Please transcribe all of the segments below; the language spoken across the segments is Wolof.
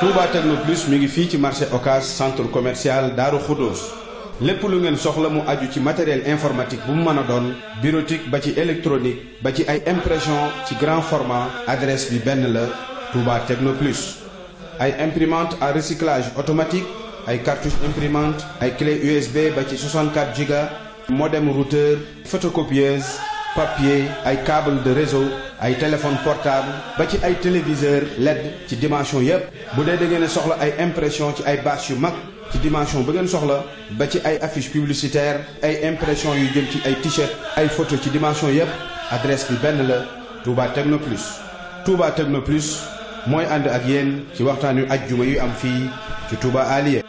Touba Techno Plus mi ngi fii ci marché Ocass centre commercial Daaru Xuddoos lépp lu ngeen soxla mu aju ci matériel informatique bu mu mën a doon bureautique ba ci électronique ba ci ay impression ci grand format adresse bi benn la Touba Techno ay imprimante à recyclage automatique ay cartouche imprimante ay clé USB ba ci 64 giga modem routeur photocopieuse papier ay câble de réseau ay téléphone portable ba ci ay téléviseur LED ci dimension yépp bu dee da ngeen soxla ay impression ci ay bâche yu mag ci dimension ba ngeen soxla ba ci ay affiche publicitaire ay impression yu jëm ci ay t ay photo ci dimension yépp adresse bi benn la Touba Technoplus Touba Technoplus mooy ànd ak yenn ci waxtaan yu ajjuma yu am fii ci Touba Aliya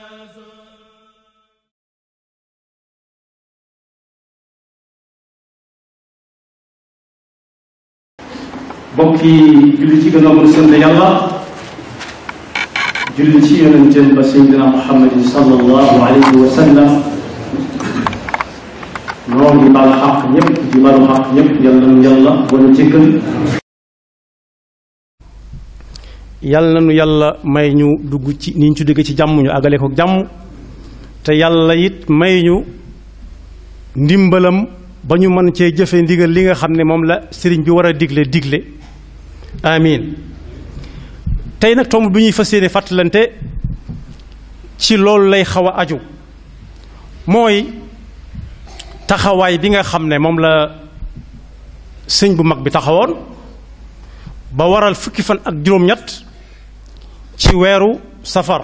mbokk yi julli ci gannaaw bu sant yàlla julli ci yonenteen ba seydina muhammadin sallallahu alayhi wa sallam dugg ci ni ci dugg ci jàmm ñu àggale mën cee jëfe li nga xam ne moom la sëriñ bi war a digle digle amiin tey nag tomb bi ñuy fas yéene fàttalante ci loolu lay xaw a aju mooy taxawaay bi nga xam ne moom la sëñ bu mag bi taxawoon ba waral fukki fan ak juróom-ñett ci weeru safar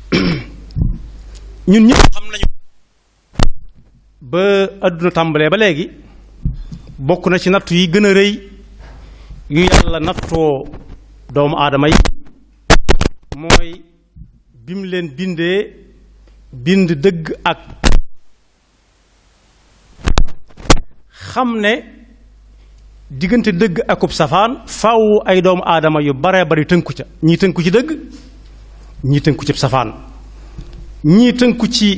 ñun ñëpp xam nañu ba àdduna tàmbalee ba léegi bokk na ci natt yi gën a rëy yu yàlla nattoo doomu aadama yi mooy bi leen bindee bind dëgg ak xam ne diggante dëgg akub safaan faaw ay doomu aadama yu baree bari tënku ca ñii tënku ci dëgg ñii tënku ci safaan ñii tënku ci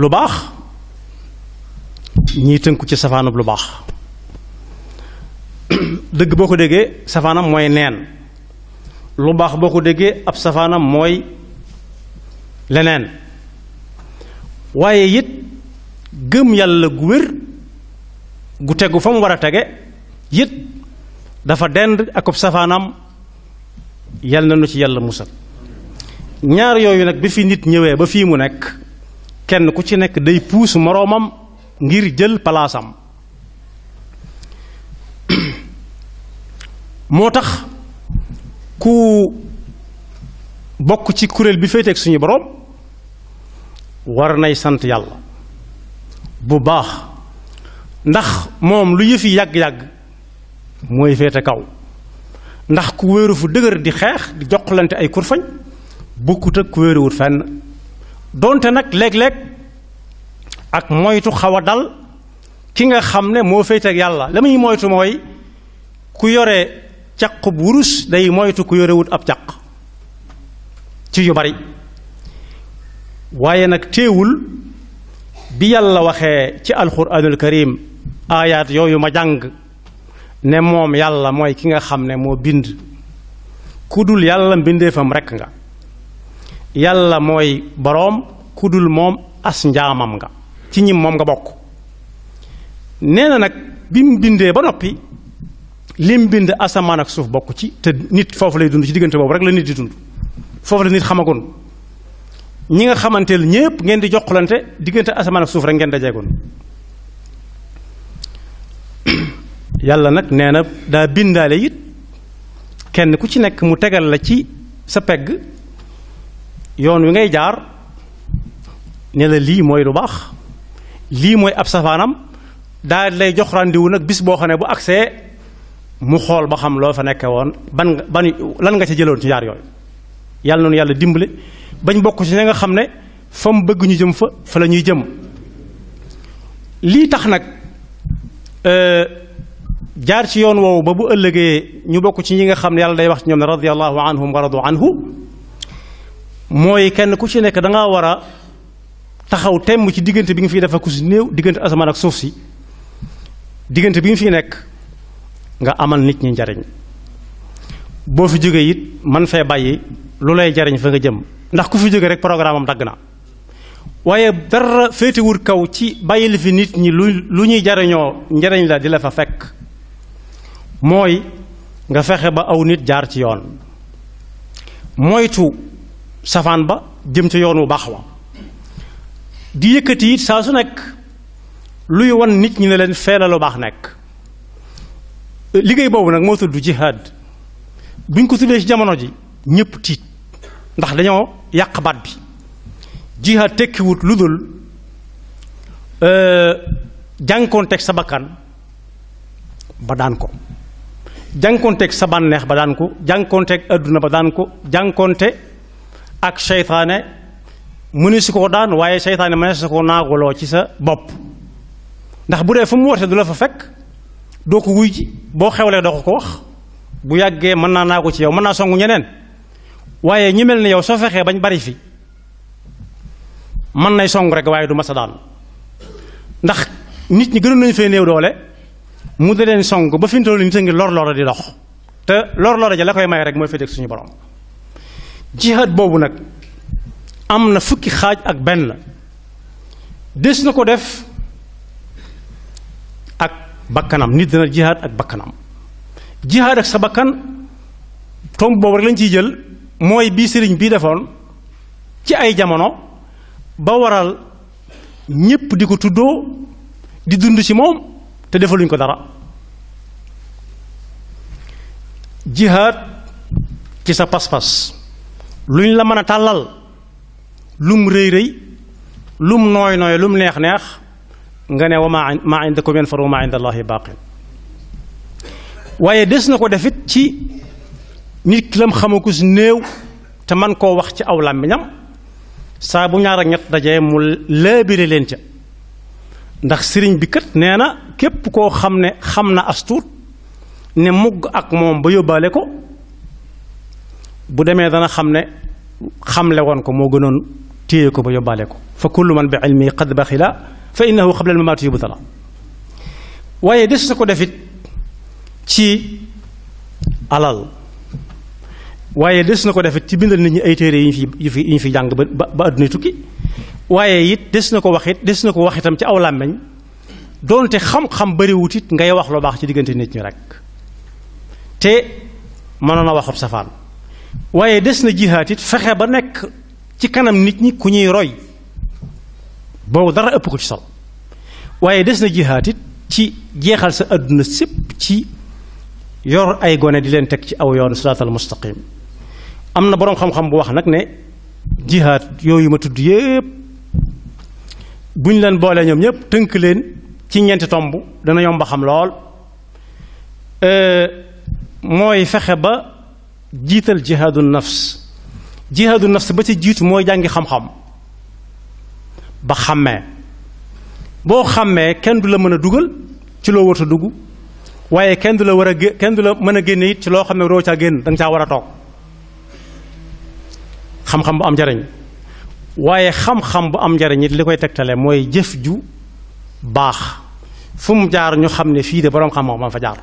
lu baax ñii tënku ci safaanub lu baax dëgg boo ko déggee safaanam mooy neen lu baax boo ko déggee ab safaanam mooy leneen waaye yit gëm yàlla gu wér gu tegu fa mu war a tege it dafa dend ak ab safaanam yal na nu ci yàlla musal ñaar yooyu nag bi fi nit ñëwee ba fii mu nekk kenn ku ci nekk day puus moroomam ngir jël palaasam moo tax ku bokk ci kuréel bi féeteeg suñu boroom war nay sant yàlla bu baax ndax moom lu yëfi yàgg-yàgg mooy féete kaw ndax ku wéeru fu dëgër di xeex di joxlante ay kurfañ bukkut ak ku wéeruwut fenn doonte nag léeg-léeg ak moytu xaw a dal ki nga xam ne moo féete ak yàlla la muy moytu mooy ku yore caqub wurus day moytu ku yorewut ab caq ci yu bari waaye nag téewul bi yàlla waxee ci alxuraanul karim aayaat yooyu ma jàng ne moom yàlla mooy ki nga xam ne moo bind ku dul yàlla mbindeefam rekk nga yàlla mooy boroom ku dul moom as njaamam nga ci ñim moom nga bokk nee na nag bi mu bindee ba noppi lim bind asamaan ak suuf bokk ci te nit foofu lay dund ci diggante boobu rek la nit di dund foofu la nit xamagoon ñi nga xamanteel ñépp ngeen di joxlante diggante asamaan ak suuf rek ngeen dajeegoon yàlla nag nee na daa bindaale it kenn ku ci nekk mu tegal la ci sa pegg yoon wi ngay jaar ne la lii mooy lu baax lii mooy ab safaanam daa lay jox rendez-vous nag bis boo xam ne bu agsee mu xool ba xam loo fa nekkee woon ban ban lan nga ca jëloon ci ñaar yooyu yàlla noonu yàlla dimbale bañ bokk ci ña nga xam ne fa mu bëgg ñu jëm fa fa la ñuy jëm lii tax nag euh, jaar ci yoon woowu ba bu ëllëgee ñu bokk ci ñi nga xam ne yàlla day wax ci ñoom ne radiyallahu anhum wa radu anhu mooy kenn ku ci nekk da ngaa war a taxaw temm ci diggante bi nga fiy def ak néew diggante asamaan ak suuf si diggante bi nga fiy nekk. nga amal nit ñi njariñ boo fi jógee it man fee bàyyi lu lay jariñ fa nga jëm ndax ku fi jógee rek programme am dagg na waaye dara féetewul kaw ci bàyyi fi nit ñi lu lu ñuy jariñoo njariñ la di la fa fekk mooy nga fexe ba aw nit jaar ci yoon moytu safaan ba jëm ca yoon wu baax wa di yëkkati it saa su nekk luy wan nit ñi ne leen feela lu baax nekk liggéey boobu nag moo tudd jihaad buñ ko tuddee ci jamono ji ñëpp tiit ndax dañoo yàq baat bi jihaad tekkiwut lu dul euh, jànkoonteeg sa bakkan ba daan ko jànkoonteeg sa bànneex ba daan ko jànkoonteeg adduna ba daan ko jànkoonte ak seytaane mënu si koo daan waaye seytaane mënees na ko naagoloo ci sa bopp ndax bu dee fu mu wootee du la fa fekk doo ko wuy ji boo xewlee doo ko ko wax bu yàggee mën naa naa ko ci yow mën naa songu ñeneen waaye ñi mel ne yow soo fexee bañ bari fi mën nay song rek waaye du masa daan ndax nit ñi gënoon nañu fee néew doole mu da leen song ba fi mu toll nit a ngi lor lor di dox te lor lor ja la koy may rek mooy féeteeg suñu borom jihaad boobu nag am na fukki xaaj ak benn des na ko def bakkanam nit dina jihaad ak bakkanam jihaad ak sa bakkan tomb boobu rek lañ ciy jël mooy bii sëriñ bii defoon ci ay jamono ba waral ñépp di ko tuddoo di dund ci moom te defaluñ ko dara jihaad ci sa pas-pas luñ la mën a tàllal lu lum rëy rëy lum nooy nooy lum neex neex nga ne wa maa indakum yanfadu wa maa inda allaahi baaqin waaye des na ko defit ci nit ki lam xamagus néew te man koo wax ci aw làmmiñam saabu bu ñaar ak ñett dajee mu laabire leen ca ndax sëriñ bi kat nee na képp koo xam ne xam na astuut ne mugg ak moom ba yóbbaale ko bu demee dana xam ne xamle woon ko moo gënoon téye ko ba yóbbaale ko fa kullu man bi ilmi qad baxila fa innahu qabla al mamaati yubtala waaye des na ko def it ci alal waaye des na ko defit ci bindal nit ñi ay téere yi ñu fi yu fi ñu fi jàng ba ba adduna tukki waaye it des na ko waxit des na ko waxitam ci aw làmmeñ doonte xam-xam bariwut it ngay wax lu baax ci diggante nit ñi rek te mënoon a waxub safaan waaye des na jihaat fexe ba nekk ci kanam nit ñi ku ñuy roy boobu dara ëpp ko ci solo waaye des na jihaat it ci jeexal sa àdduna sépp ci yor ay gone di leen teg ci aw yoon siraatal mustaqim am na boroom xam-xam bu wax nag ne jihaat yooyu ma tudd yépp buñ leen boolee ñoom ñépp tënk leen ci ñeenti tomb dana yomba xam lool euh, mooy fexe ba jiital jihaadu nafs jihaadu nafs ba ci jiitu mooy jàngi xam-xam ba xàmmee boo xàmmee kenn du la mën a dugal ci loo warut a dugg waaye kenn du la war a gé kenn du la mën a génne it ci loo xam ne roo caa génn danga nga caa war a toog xam-xam bu am njariñ waaye xam-xam bu am njariñ it li koy tegtale mooy jëf ju baax fu mu jaar ñu xam ne fii de borom xam-xam fa jaar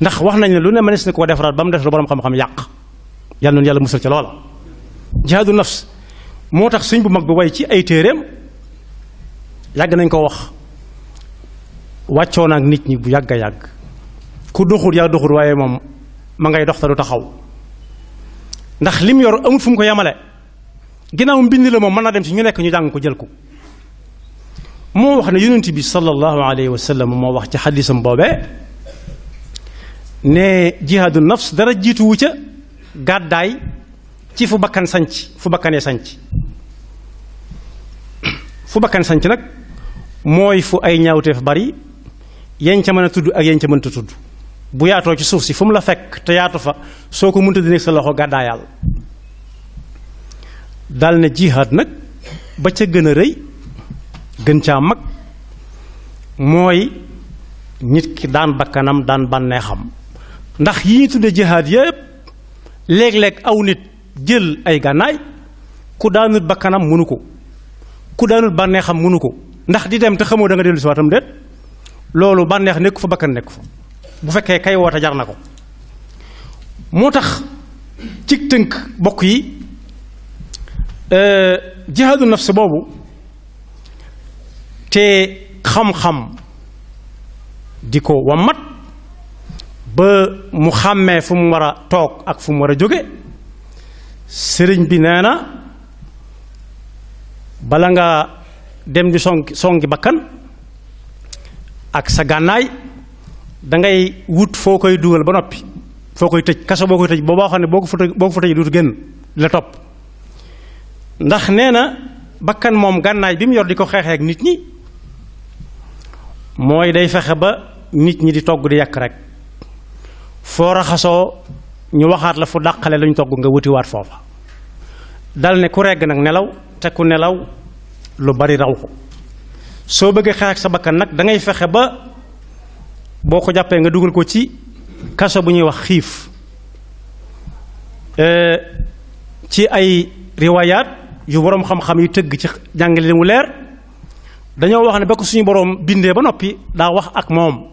ndax wax nañ ne lu ne mënees na koo defaraat ba mu def lu borom xam-xam yàq yal na yàlla musal ci loola. jihaadu nafs moo tax suñ bu mag bi way ci ay téereem. yàgg nañ ko wax wàccoo ak nit ñi bu yàgg a yàgg ku doxul yaa doxul waaye moom ma ngay dox te du taxaw ndax lim yor amul fu mu ko yemale ginnaaw mbind la moom mën naa dem si ñu nekk ñu jàng ko jël ko moo wax ne yonent bi sallallahu alayhi wa sallam moo wax ci xadisam boobee ne jihaadu nafs dara jiituwu ca gàddaay ci fu bakkan sanc fu bakkanee sanc fu bakkan sanc nag mooy fu ay ñaawteef bari yañ ca mën a tudd ak yañ ca mënta tudd bu yaatoo ci suuf si fu mu la fekk te yaatu fa soo ko mënta di sa loxo gàddaayaal dal ne jihaad nag ba ca gën a rëy gën ca mag mooy nit ki daan bakkanam daan bànneexam ndax yi ñu tudde jihaad yépp léeg-léeg aw nit jël ay gànnaay ku daanul bakkanam mënu ko ku daanul bànneexam mënu ko ndax di dem te xamoo da nga dellu si waatam loolu bànneex nekku fa bakkan nekku fa bu fekkee kay woote jar na ko moo tax cig tënk bokk yi euh, jihaadu nafs boobu te xam-xam di ko wammat ba mu xàmmee fu mu war a toog ak fum war a jóge sëriñ bi nee na bala nga dem di sonki sonki bakkan ak sa gànnaay dangay wut foo koy dugal ba noppi foo koy tëj kaso boo koy tëj boo xam ne boo ko fa boo ko fa tëj génn la topp ndax nee na bakkan moom gànnaay bi mu yor di ko xeexee ak nit ñi mooy day fexe ba nit ñi di togg di yàkk rek foo raxasoo ñu waxaat la fu dàqale lañu togg nga wutiwaat foofa dal ne ku regg nag nelaw te ku nelaw lu bari raw ko soo bëggee xeex ak sa bakkan nag da ngay fexe ba boo ko jàppee nga dugal ko ci kaso bu ñuy wax xiif euh, ci ay riwaayaat yu boroom xam-xam yu tëgg ci jàngale mu leer dañoo wax ne ba ko suñu boroom bindee ba noppi daa wax ak moom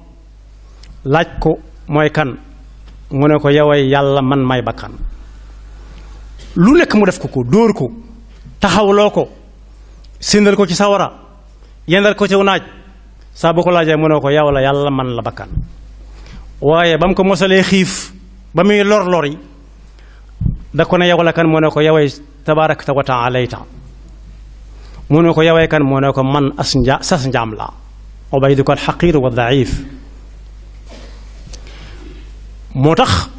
laaj ko mooy kan mu ne ko yoway yàlla man may bakkan lu nekk mu def ko ko dóor ko taxawloo ko sindal ko ci sawara yendal ko ci naaj saa boo ko laajee mënoo ko yow la yàlla man la bakkan waaye ba mu ko mosalee xiif ba muy lor lor yi da ko ne yow la kan mënoo ko yoway tabaarakta wa taalayta ko yoway kan ne ko man as nja sas njaam la ubayduka alxaqir wa daif moo tax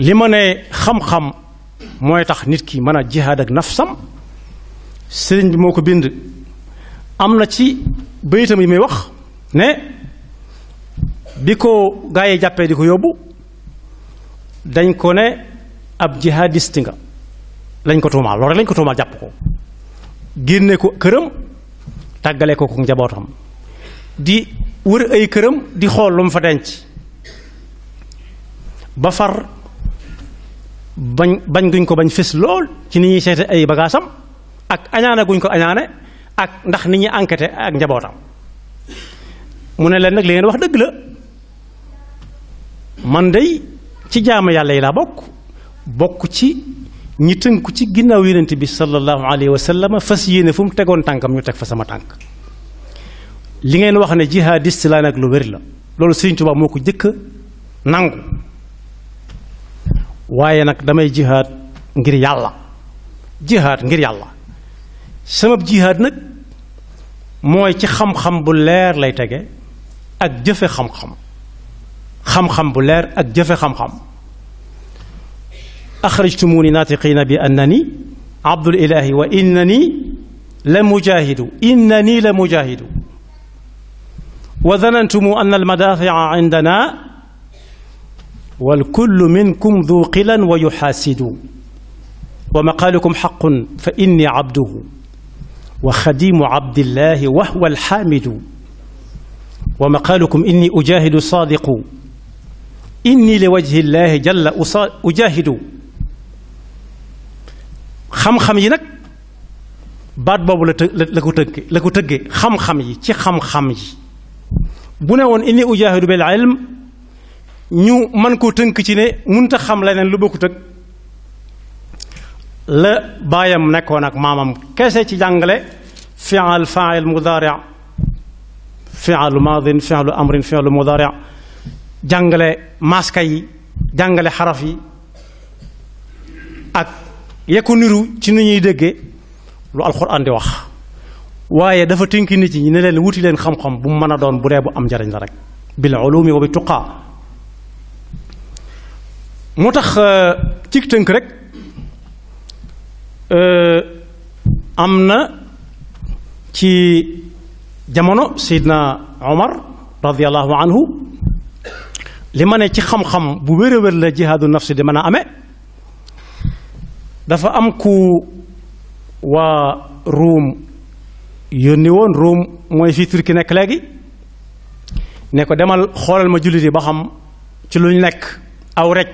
li ma ne xam-xam mooy tax nit ki mën a jihaad ak sam sëriñ bi moo ko bind am na ci bayitam yi muy wax ne bi ko gaa yi jàppee di ko yóbbu dañ ko ne ab jihadiste nga lañ ko tuumaal loolu lañ ko tuumaal jàpp ko génne ko këram tàggale ko ko njabootam di wër ay këram di xool fa denc ba far bañ bañ guñ ko bañ fés lool ci ni ñuy seete ay bagaasam ak añaane guñ ko añaane ak ndax nit ñi enquêté ak njabootam mu ne leen nag li ngeen wax dëgg la man day ci jaama yàlla yi laa bokk bokk ci ñi tënku ci ginnaaw yonent bi sallallahu alayhi wa sallam fas yéene fu mu tegoon tànkam ñu teg fa sama tànk li ngeen wax ne jihadiste laa nag lu wér la loolu Sëriñ Tuubaa moo ko jëkk nangu waaye nag damay jihaad ngir yàlla jihaad ngir yàlla sama jihaad nag mooy ci xam-xam bu leer lay tege ak jëfe xam-xam xam-xam bu leer ak jëfe xam-xam axrajtumuni naatiqiina bi annani abdul ilaahi wa innani la mujaahidu innani la mujaahidu wa danantumu anna almadaafica indana walkullu minkum du qilan wa yuxaasidu wa maqaalukum xaqun fa inni abduhu wa xadimu abdillahi wahwa alxaamidu wa maqaalukum inni ujaahidu saadiqu inni li wajhi llahi jalla ujaahidu xam-xam yi nag baat boobu la la ko tëgge la ko tëgge xam-xam yi ci xam-xam yi bu ne woon inni ujaahidu bil ñu mën koo tënk ci ne ta xam leneen lu bokkut ak la baayam nekkoon ak maamam kese ci jàngale fial fail mudaari fialu maadin fialu amrin fialu mudaari jàngale maska yi jàngale xaraf yi ak yekku niru ci ni ñuy dégge lu alxuraan di wax waaye dafa tënki nit ñi ne leen wuti leen xam-xam bu mën a doon bu dee bu am njariñ la rek bil ulumi wa bi tuqaa mu tax euh, cig tënk rek Euh, am na ci jamono Seydina Omar radiallahu anhu li ma ne ci xam-xam bu wér a wér la jihaadu nafsi di mën a ame dafa am ku waa ruum yónni woon ruum mooy fii turki nekk léegi ne ko demal xoolal ma jullit yi ba xam ci lu ñu nekk aw rej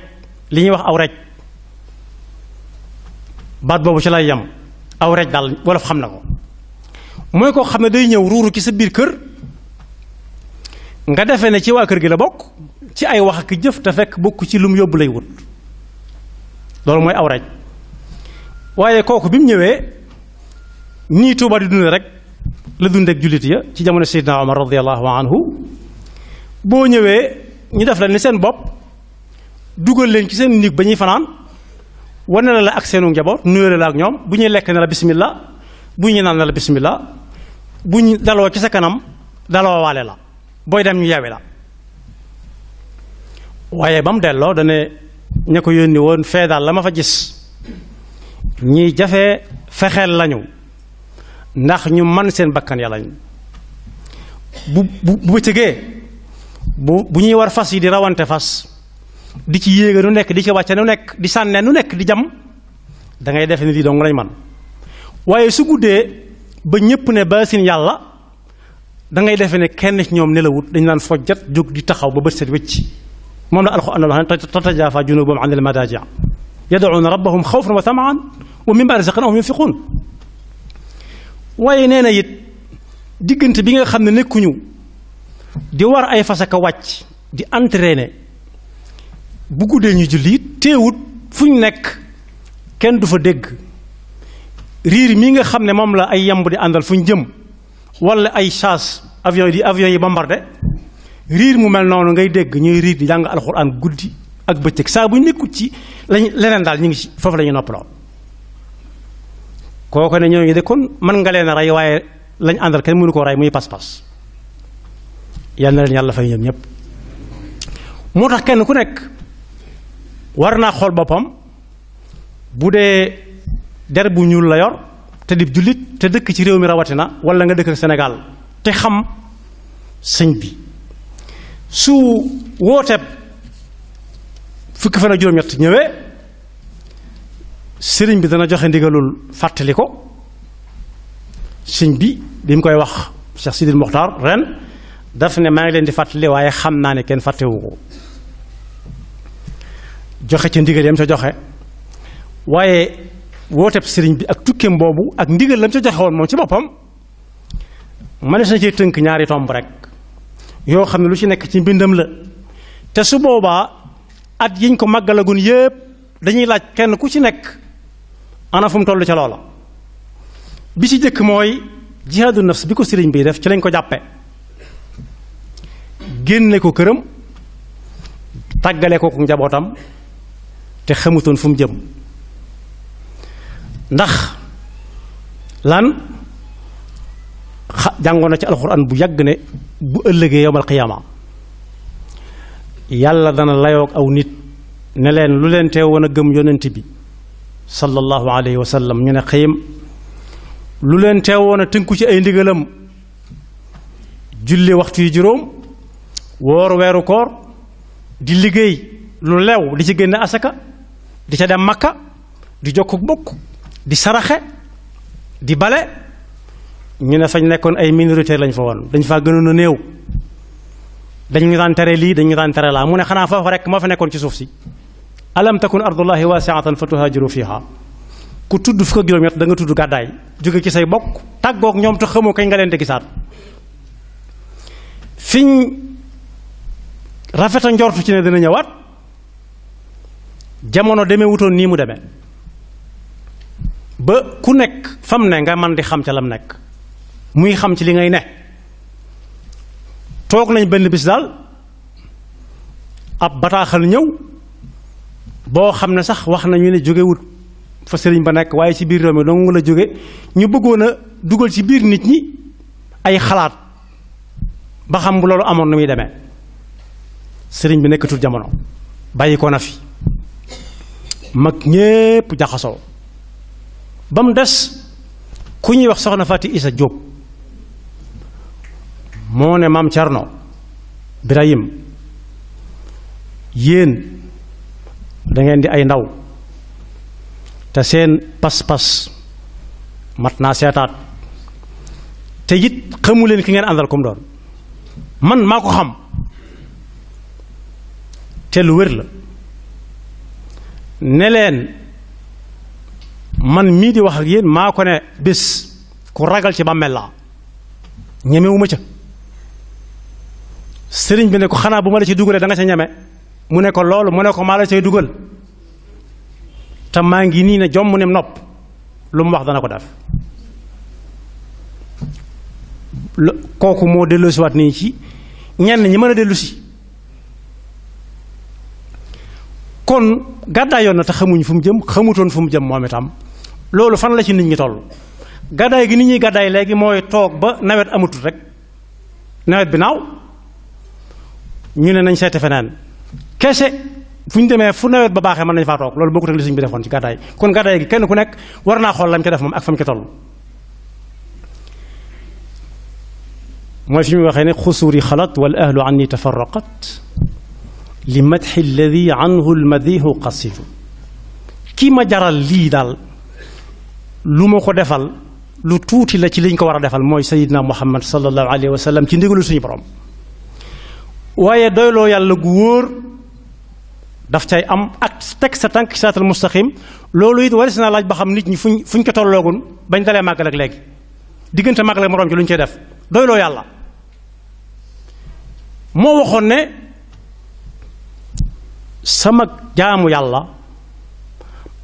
li ñuy wax aw rej baat boobu ci lay yem aw rej daal wolof xam na ko mooy koo xam ne day ñëw ruuru ci sa biir kër nga defee ne ci waa kër gi la bokk ci ay wax ak jëf te fekk bokk ci lu mu yóbbu lay wut loolu mooy aw rej waaye kooku bi mu ñëwee nii Tuuba di dunde rek la dund ak jullit ya ci jamono Seydina Omar radiyallahu anhu boo ñëwee ñu def la ni seen bopp dugal leen ci seen néeg ba ñuy fanaan wane la la ak seenu njaboot nuyoo la ak ñoom bu ñuy lekk na la bismillah bu ñu naan na la bismillah bu ñu daloo ci sa kanam daloo waale la booy dem ñu yawe la waaye ba mu delloo dana ña ko yónni woon fee daal la ma fa gis ñuy jafe fexeel lañu ndax ñu man seen bakkan ya lañu bu bu bu bëccëgee bu ñuy war fas yi di rawante fas di ci yéega nu nekk di ci wàcce nu nekk di sànne nu nekk di jam da ngay defe ni lii dong lañ man waaye su guddee ba ñépp ne baasin yàlla da ngay defe ne kenn ci ñoom nelawut dañu naan fojjat jóg di taxaw ba bët set wëcc moom la alxuraan wax ne tatajaafaa am anil madaaji' yad'uuna rabbahum xawfan wa tamaan wa mimmaa razaqnaahum yunfiquun waaye nee na it diggante bi nga xam ne nekkuñu di war ay fasaka wàcc di entraîner bu guddee ñu julli it téewut fu ñu nekk kenn du fa dégg riir mii nga xam ne moom la ay yamb di àndal fu ñu jëm wala ay chasse avion di avion yi bombardé riir mu mel noonu ngay dégg ñuy riir di jàng alxul alxuraan guddi ak bëccëg saa bu ñu nekkut ci lañ leneen daal ñu ngi ci foofu lañuy ñu noppaloo kooku ne ñooñu de kon mën nga leen a rey waaye lañ àndal kenn mënu koo rey muy pas-pas yal na leen yàlla fay ñoom ñëpp moo tax kenn ku nekk war naa xool boppam bu dee der bu ñuul la yor te di jullit te dëkk ci réew mi rawatina wala nga dëkk ak Sénégal te xam sëñ bi su wooteeb fukki fa ak juróom-ñett ñëwee sëriñ bi dana joxe ndigalul fàttali ko sëñ bi bi mu koy wax Cheikh Sidil Mokhtar ren daf ne maa ngi leen di fàttali waaye xam naa ne kenn fàttewu ko joxe ca ndigal yam ca joxe waaye woo wooteb sëriñ bi ak tukkeem boobu ak ndigal lam ca joxe woon moom ci boppam mënees na cee tënk ñaari tomb rek yoo xam ne lu ci nekk ci mbindam la te su boobaa at yiñ ko màggalagun yépp dañuy laaj kenn ku ci nekk ana fu mu toll ca loola bi ci jëkk mooy jihaadu nafs bi ko sëriñ bi def ci lañ ko jàppe génne ko këram tàggale ko njabootam te xemutoon fu mu jëm ndax lan jàngoon na ci alxuraan bu yàgg ne bu ëllëgee yowmal qiyaama yàlla dana layoog aw nit ne leen lu leen teew woon gëm yonent bi sallallahu alayhi wa sallam ñu ne xëyim lu leen teew woon a tënku ci ay ndigalam julli waxtu yi juróom woor weeru koor di liggéey lu lew di ci génne asaka di ca dem makka di jokk bokk di saraxe di bale ñu ne fañ nekkoon ay minoritaire lañ fa woon dañ faa gënoon a néew dañ ñu daan tere lii dañ ñu daan tere laa mu ne xanaa foofa rek moo fa nekkoon ci suuf si alam takun ardullahi waasiatan fa tuhajiru fiha ku tudd fukk ak juróom-ñett da nga tudd gàddaay jóge ci say bokk tàggoog ñoom te xamoo kay nga leen di gisaat fiñ rafet a njortu ci ne dina ñëwaat jamono demee wutoon nii mu deme ba ku nekk fam ne nga man di xam ca lam nekk muy xam ci li ngay ne toog nañ benn bis daal ab bataaxal ñëw boo xam ne sax wax nañu ne jógewut fa sëriñ ba nekk waaye ci biir réew mi dong la jóge ñu bëggoon a dugal ci biir nit ñi ay xalaat ba xam bu loolu amoon na muy deme sëriñ bi nekkatul jamono bàyyi na fi mag ñépp jaxasoo ba mu des ku ñuy wax soxna Fati Isa Jóob moo ne maam Cerno Birahim yéen da ngeen di ay ndaw te seen pas-pas mat naa seetaat te yit xamu leen ki ngeen àndal kum doon man maa ko xam te lu wér la ne man mii di wax ak yéen maa ko ne bés ku ragal ci bàmmeel laa ca sëriñ bi ne ko xanaa bu ma la ci dugalee da nga ca ñeme mu nekko ko loolu mu ne maa la cay dugal te maa ngi nii ne jomm ne nopp lu mu wax dana ko def kooku moo delloosiwaat nii ci ñenn ñi mën a dellusi kon yoon na te xamuñ fu mu jëm xamutoon fu mu jëm moom itam loolu fan la ci nit ñi toll gàddaay gi nit ñuy gàddaay léegi mooy toog ba nawet amatul rek nawet bi naaw ñu ne nañ seete feneen kese fu ñu demee fu nawet ba baaxee ma nañ faa toog loolu bokkut ak li suñ bi defoon ci gàddaay kon gàddaay gi kenn ku nekk war naa xool lam ca def moom ak fa mu ca mooy fi waxee ne xusuuri xalaat wal ahlu anni tafarraqat li madxi alladi anhu almadihu qasidu kii ma jaral lii daal lu ma ko defal lu tuuti la ci liñ ko war a defal mooy sayidna muhammad sallallahu alayhi wa sallam ci ndigalu suñu borom waaye doyloo yàlla gu wóor daf cay am ak teg sa tànk siraatal mustaqim loolu it waris naa laaj ba xam nit ñi fuñ fuñ ko tolloogun bañ dalee màgg ak léegi diggante màggal ak moroom ci lu ñu cay def doyloo yàlla moo waxoon ne sama jaamu yàlla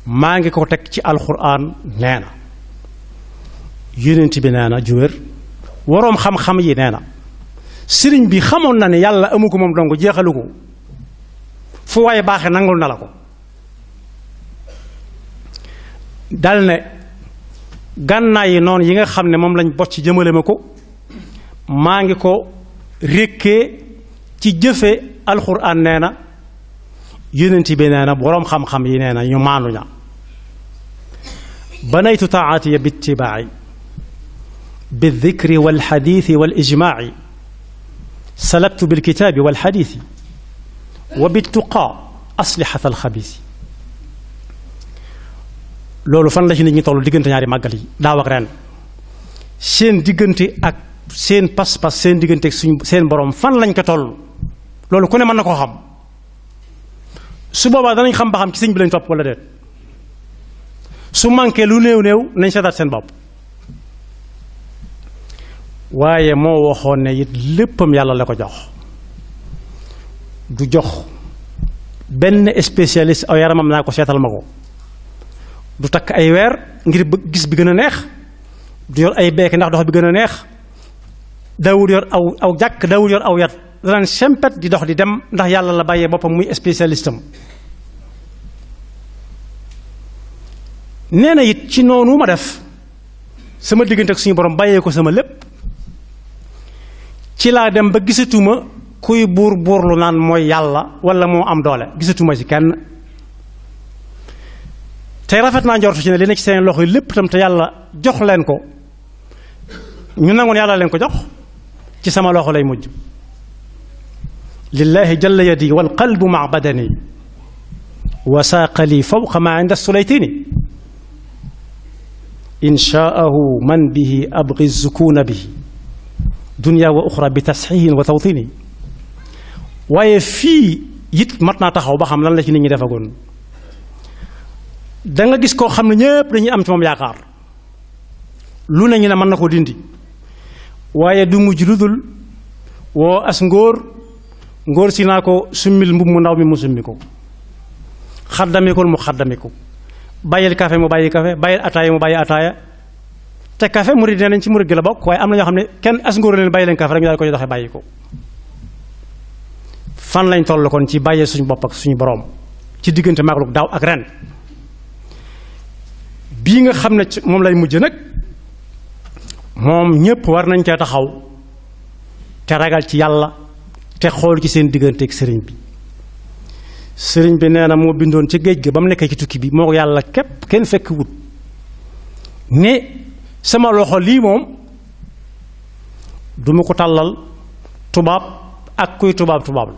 maa ngi ko teg ci alxuraan nee na yonent bi nee na ju waroom xam-xam yi nee na sëriñ bi xamoon na ne yàlla amu ko moom dong jeexalu ko fu waaye baaxe nangul na la ko dal ne gànnaay yi noonu yi nga xam ne moom lañ bot ci jëmale ma ko maa ngi ko rékkee ci jëfe alxuraan nee na yonent bi nee na boroom xam-xam yi nee na ñu maandu ña banaytu taatiya bi itibaaci bi wal xadiisi wal ijmaaci salabtu bil kitaabi wal xadiisi wa bi tuqaa aslixata al xabiisi loolu fan la ci nit ñi toll diggante ñaari màggal yi daaw ak seen diggante ak seen pas-pas seen diggante ak seen borom fan lañ ko toll loolu ku ne mën na ko xam. su boobaa danañ xam ba xam ci sëñ bi lañ topp wala de su manqué lu néew néew nañ seetaat seen bopp waaye moo waxoon ne it léppam yàlla la ko jox du jox benn spécialiste aw yaramam naa ko seetal ma ko du takk ay weer ngir gis bi gën a neex du yor ay beek ndax dox bi gën a neex daawul yor aw aw jàkk daawul yor aw yat danañ sempet di dox di dem ndax yàlla la bàyyee boppam muy spécialiste am nee na it ci noonu ma def sama diggante ak suñu borom bàyyee ko sama lépp ci laa dem ba gisatuma kuy buur buurlu naan mooy yàlla wala moo am doole gisatuma ci kenn tey rafet naa njortu ci ne li nekk seen loxo yi lépp itam te yàlla jox leen ko ñu nangoon yàlla leen ko jox ci sama loxo lay mujj lillahi jalla yadi wal qalbu maa badani wa saaqa lii fawqa maa inda sulaytini inshaahu man bihi abgi zukuuna bihi dunya wa uxra bi tasxihin wa tawtini waaye fii it mat naa taxaw ba xam lan la ci nit ñi defagoon da nga gis koo xam ne ñëpp dañuy am ci moom yaakaar lu ne ñu ne mën na ko dindi waaye du mujj ludul woo as ngóor si naa ko summil mbub mu ndaw mi mu summi ko xaddamikul mu xaddamiku bàyyil café mu bàyyi café bàyyil ataaya mu bàyyi ataaya te café murid nee nañ ci mu gi la bokk waaye am na ñoo xam ne kenn as ngóor leen bàyyi leen café rek ñu daal ko ñu doxee bàyyi lañ toll kon ci bàyyee suñu bopp ak suñu boroom ci diggante magalug daaw ak ren bii nga xam ne moom lay mujj nag moom ñépp war nañ cee taxaw te ragal ci yàlla te xool ci seen digganteeg sëriñ bi sëriñ bi nee na moo bindoon ci géej ga ba mu nekkee ci tukki bi moo ko yàlla képp kenn fekk wut ne sama loxo lii moom duma ko tàllal tubaab ak kuy tubaab tubaab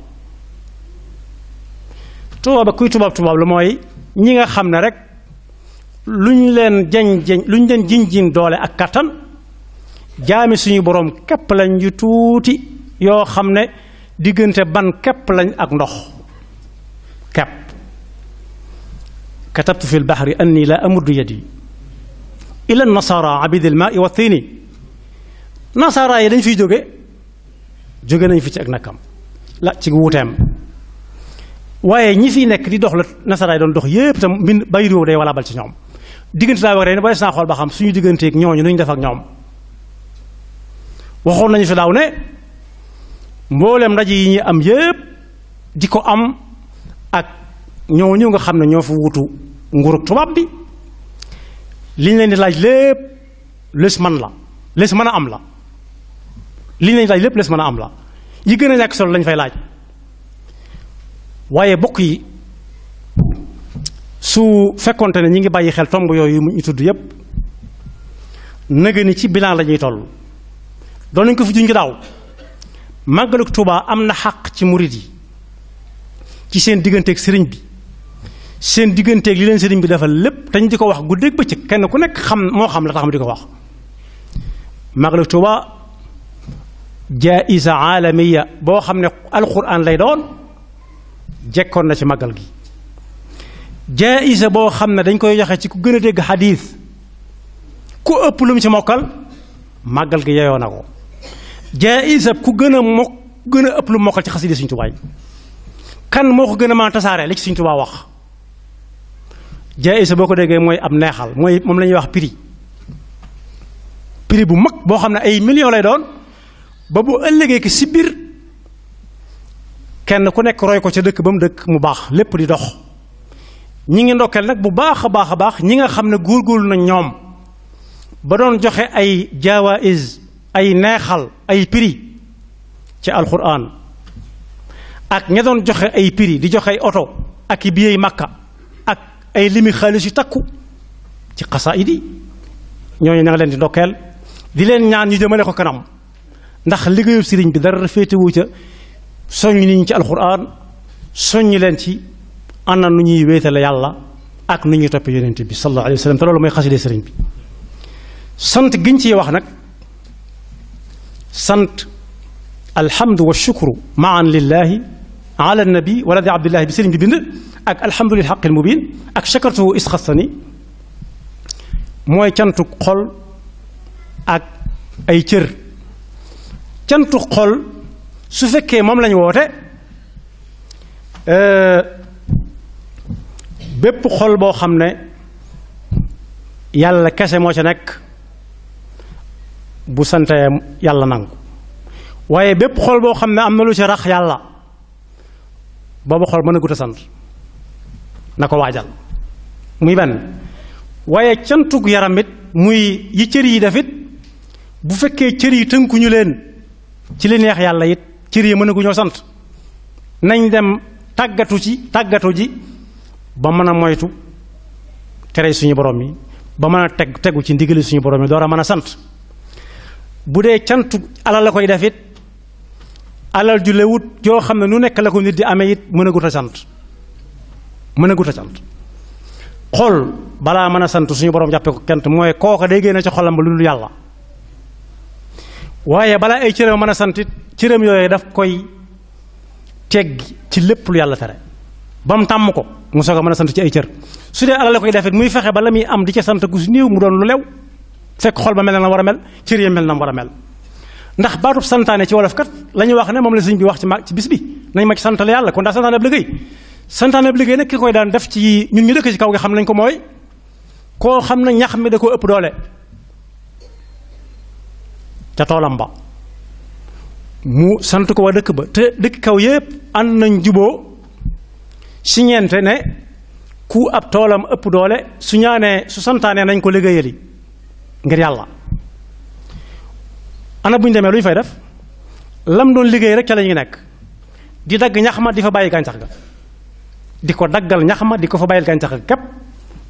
la kuy tubaab tubaab la mooy ñi nga xam ne rek luñ leen jañ jañ luñ leen jiñ jiñ doole ak kàttan jaami suñu boroom képp lañ yu tuuti yoo xam ne diggante ban képp lañ ak ndox kepp katabtu fi lbaxri anni la amuddu yadi ila nasara abidi lmaai wa tiini nasara yi dañ fiy jóge jóge nañ fi ci ak nakam la ci wuuteem waaye ñi fi nekk di dox la nasaraa yi doon dox yépp tam mbind bay réew day walaabal ci ñoom diggante laa wax rek ne bàyyi naa xool ba xam suñu digganteek ñooñu nu ñu def ak ñoom waxoon nañu fi daaw ne mboolem ndaje yi ñuy am yépp di ko am ak ñooñu nga xam ne ñoo fi wutu nguurug tubaab bi liñ leen di laaj lépp lees man la lees mën a am la liñ leen di laaj lépp lees mën a am la yi gën a ñàkk solo lañ fay laaj waaye bokk yi su fekkonte ne ñi ngi bàyyi xel tomb yooyu mu ñu tudd yépp nëgë ci bilan lañuy ñuy toll nañ ko fi juñ gi daaw màggalug Tuubaa am na xàq ci murit yi ci seen digganteeg sëriñ bi seen digganteeg li leen sëriñ bi defal lépp dañ di ko wax guddeeg bëccëg kenn ku nekk xam moo xam la tax mu di ko wax màggalug Tuubaa jaa'isa aalamiya boo xam ne alxuraan lay doon jekkoon na ci màggal gi jaa'isa boo xam ne dañ koy joxe ci ku gën a dégg xadiis ku ëpp lu mu ci mokkal màggal gi yeyoo ko jaayisa ku gën a mokk gën a ëpp lu mokkal ci xasida Sëriñ Tuubaa yi kan moo ko gën a mën a tasaare li ci Sëriñ Tuubaa wax jaayisa boo ko déggee mooy ab neexal mooy moom la ñuy wax prix piri bu mag boo xam ne ay millions lay doon ba bu ëllëgee ki si kenn ku nekk roy ko ca dëkk ba mu dëkk mu baax lépp di dox ñi ngi ndokkeel nag bu baax a baax a baax ñi nga xam ne góor góorgóorlu na ñoom ba doon joxe ay jawaïs ay neexal ay prix ci alxuraan ak ña doon joxe ay prix di joxe ay oto ak i biyey màkka ak ay limi xaalis yu takku ci xasaa yi ñooñu na nga leen di ndokkeel di leen ñaan ñu jëmale ko kanam ndax liggéeyu sëriñ bi dara féetewu ca soññ niñ ci alxuraan soññ leen ci ana nu ñuy wéetale yàlla ak nu ñuy topp yonent bi sallallahu alayhi wa sallam te bi sant giñ ciy wax nag sant alhamdu wa shukru maan lillahi ala nabi wala di abdillahi bi sëriñ bi bind ak alhamdu lil xaqil mubin ak shakartuhu isxastani mooy cantu xol ak ay cër cantu xol su fekkee moom lañu woote euh, bépp xol boo xam ne yàlla kese moo ca nekk bu santee yàlla nangu waaye bépp xol boo xam ne am na lu ci rax yàlla booba xol mën a gut a sant na ko waajal muy benn waaye cantug yaram it muy yi cër yi def it bu fekkee cër yi tënkuñu leen ci li neex yàlla it cër yi mën a ñoo sant nañ dem tàggatu ci tàggatu ji ba mën a moytu tere suñu borom yi ba mën a teg tegu ci ndigali suñu borom yi door a mën a sant bu dee cant alal la koy def it alal ju lewut joo xam ne nu nekk la ko nit di amee it mën a gut a sant mën a gut a sant balaa mën a sant suñu borom jàppe ko kent mooy kooka day génne ci xolam ba lu dul yàlla waaye balaa ay cëram mën a sant it cëram daf koy tegg ci lépp yàlla tere ba mu tàmm ko mu soog a sant ci ay cër su dee alal koy def it muy fexe ba la muy am di ca sant gu si néew mu doon lu lew fekk xol ba mel na la war a mel cër ya mel na war a mel ndax baatub santaane ci wolof kat la ñuy wax ne moom la sëñ bi wax ci ma ci bis bi nañ ma ci santale yàlla kon daa santaane ab liggéey santaane ab liggéey nag ki koy daan def ci ñun ñu dëkk ci kaw nga xam nañ ko mooy xam ne ñax da koo ëpp doole ca toolam ba mu sant ko waa dëkk ba te dëkk kaw yépp ànd nañ juboo si ñeente ne ku ab toolam ëpp doole su ñaanee su santaanee nañ ko liggéeyali ngir yàlla ana buñ ñu demee lu fay def lam doon liggéey rek ca la nekk di dagg ñax ma di fa bàyyi gàncax ga di ko daggal ñax ma di ko fa bàyyil gàncax ga képp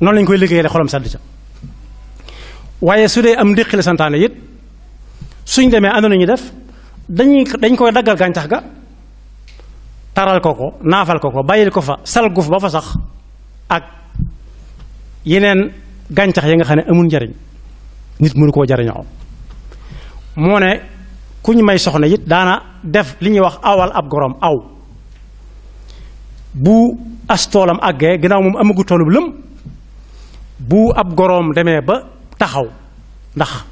noonu lañ koy liggéeyee xolam sedd ca waaye su dee am ndéqi la santaane it suñ demee ànd nañu def dañuy dañ koy daggal gàncax ga taral ko ko naafal ko ko bàyyil ko fa salguf ba fa sax ak yeneen gàncax yi nga xam ne amul njariñ nit mënu koo jariñoo moo ne ku ñu may soxna yit daana def li ñuy wax awal ab goroom aw bu astoolam toolam àggee gannaaw moom amagu toolub lëm bu ab goroom demee ba taxaw ndax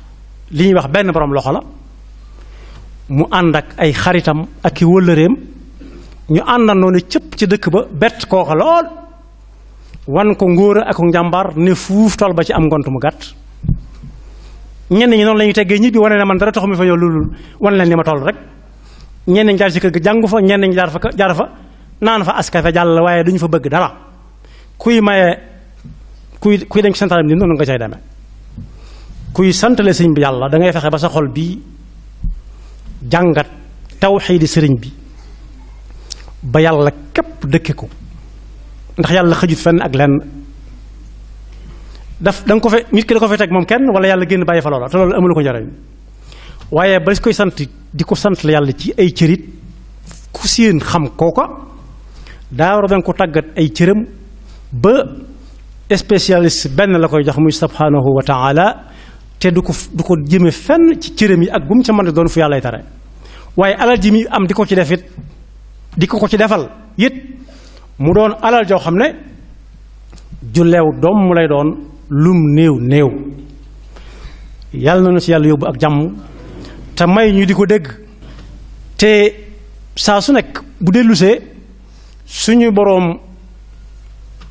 li ñuy wax benn boroom loxo la mu ànd ak ay xaritam ak i wëllëreem ñu àndandoo ne cëpp ci dëkk ba bett kooka lool wan ko ngóora ak njàmbar ne fuuf tool ba ci am ngont mu gàtt ñenn ñi noonu la ñuy teggee ñibbi wane ne man dara taxu mi fa yow loolu wan leen ni ma toll rek ñenn ñi jaar si kër ga jàngu fa ñenn ñi jaar fa jaar fa naan fa askan fa jàll waaye duñu fa bëgg dara kuy maye kuy kuy dem ci santalam ni noonu nga cay demee kuy santale sëñ bi yàlla dangay fexe ba sa xol bi jàngat tawxiidi sëriñ bi ba yàlla képp dëkke ko ndax yàlla xëjut fenn ak lenn. daf danga ko fe nit ki da ko fe teg moom kenn wala yàlla génn bàyyi fa loola te loolu amul ko njariñ waaye ba koy sant di ko sant la yàlla ci ay cërit ku séen xam kooka daa war a danga ko tàggat ay cëram ba spécialiste benn la koy jox muy subhanahu wa taala te du ko du ko jëme fenn ci cëram yi ak gum mu ca mën a doon fu yàllay tare waaye alal ji mi am di ko ci def di ko ko ci defal it mu doon alal joo xam ne ju leew doom mu lay doon lum néew néew yàlla na na ci yàlla yóbbu ak jàmm te may ñu di ko dégg te saa su nekk bu dellusee suñu boroom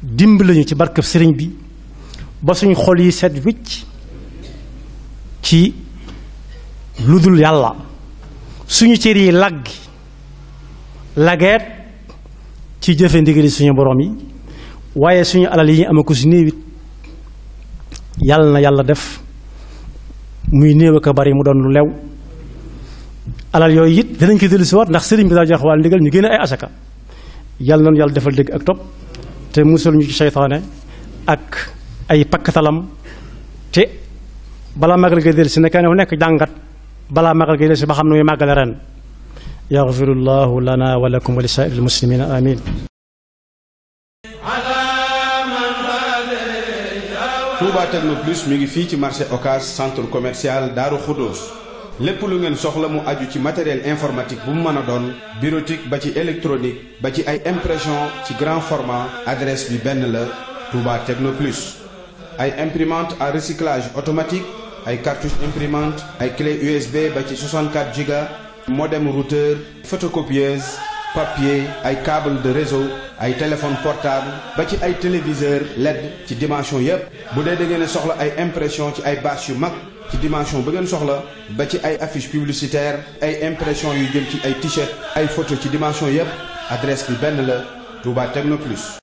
dimb lañu ci barkab sëriñ bi ba suñu xol yi set wicc ci lu dul yàlla suñu cër yi laggi lageet ci jëfe ndigali suñu borom yi waaye suñu alal yi ñu amee ko si néewit yàlla na yàlla def muy néew ak a bari mu doon lu lew alal yooyu it dinañ ko dellusiwaat ndax sëriñ bi daa jox wàll ndigal ñu génne ay asaka yàlla noonu yàlla defal dégg ak topp te musul ñu ci seytaane ak ay paktalam te balaa magal si dellusi ne wu nekk jàngat balaa magal ga dellusi ba xam ne muy màggale ren yaxfirullahu lana wa lakum wa li saa'iril muslimina amin Touba Technoplus mi ngi fii ci marché Ocass centre commercial Daaru Xudoos lépp lu ngeen soxla mu aju ci matériel informatique bu mu mën a doon bureautique ba ci électronique ba ci ay impression ci grand format adresse bi benn la Touba Technoplus ay imprimante à recyclage automatique ay cartouche imprimante ay clé USB ba ci 64 giga modem routeur photocopieuse papier ay câble de réseau ay téléphone portable ba ci ay téléviseur LED ci dimension yépp bu dee da ngeen soxla ay impression ci ay bâche yu mag ci dimension ba ngeen soxla ba ci ay affiche publicitaire ay impression yu jëm ci ay t ay photo ci dimension yépp adresse bi benn la Touba Technoplus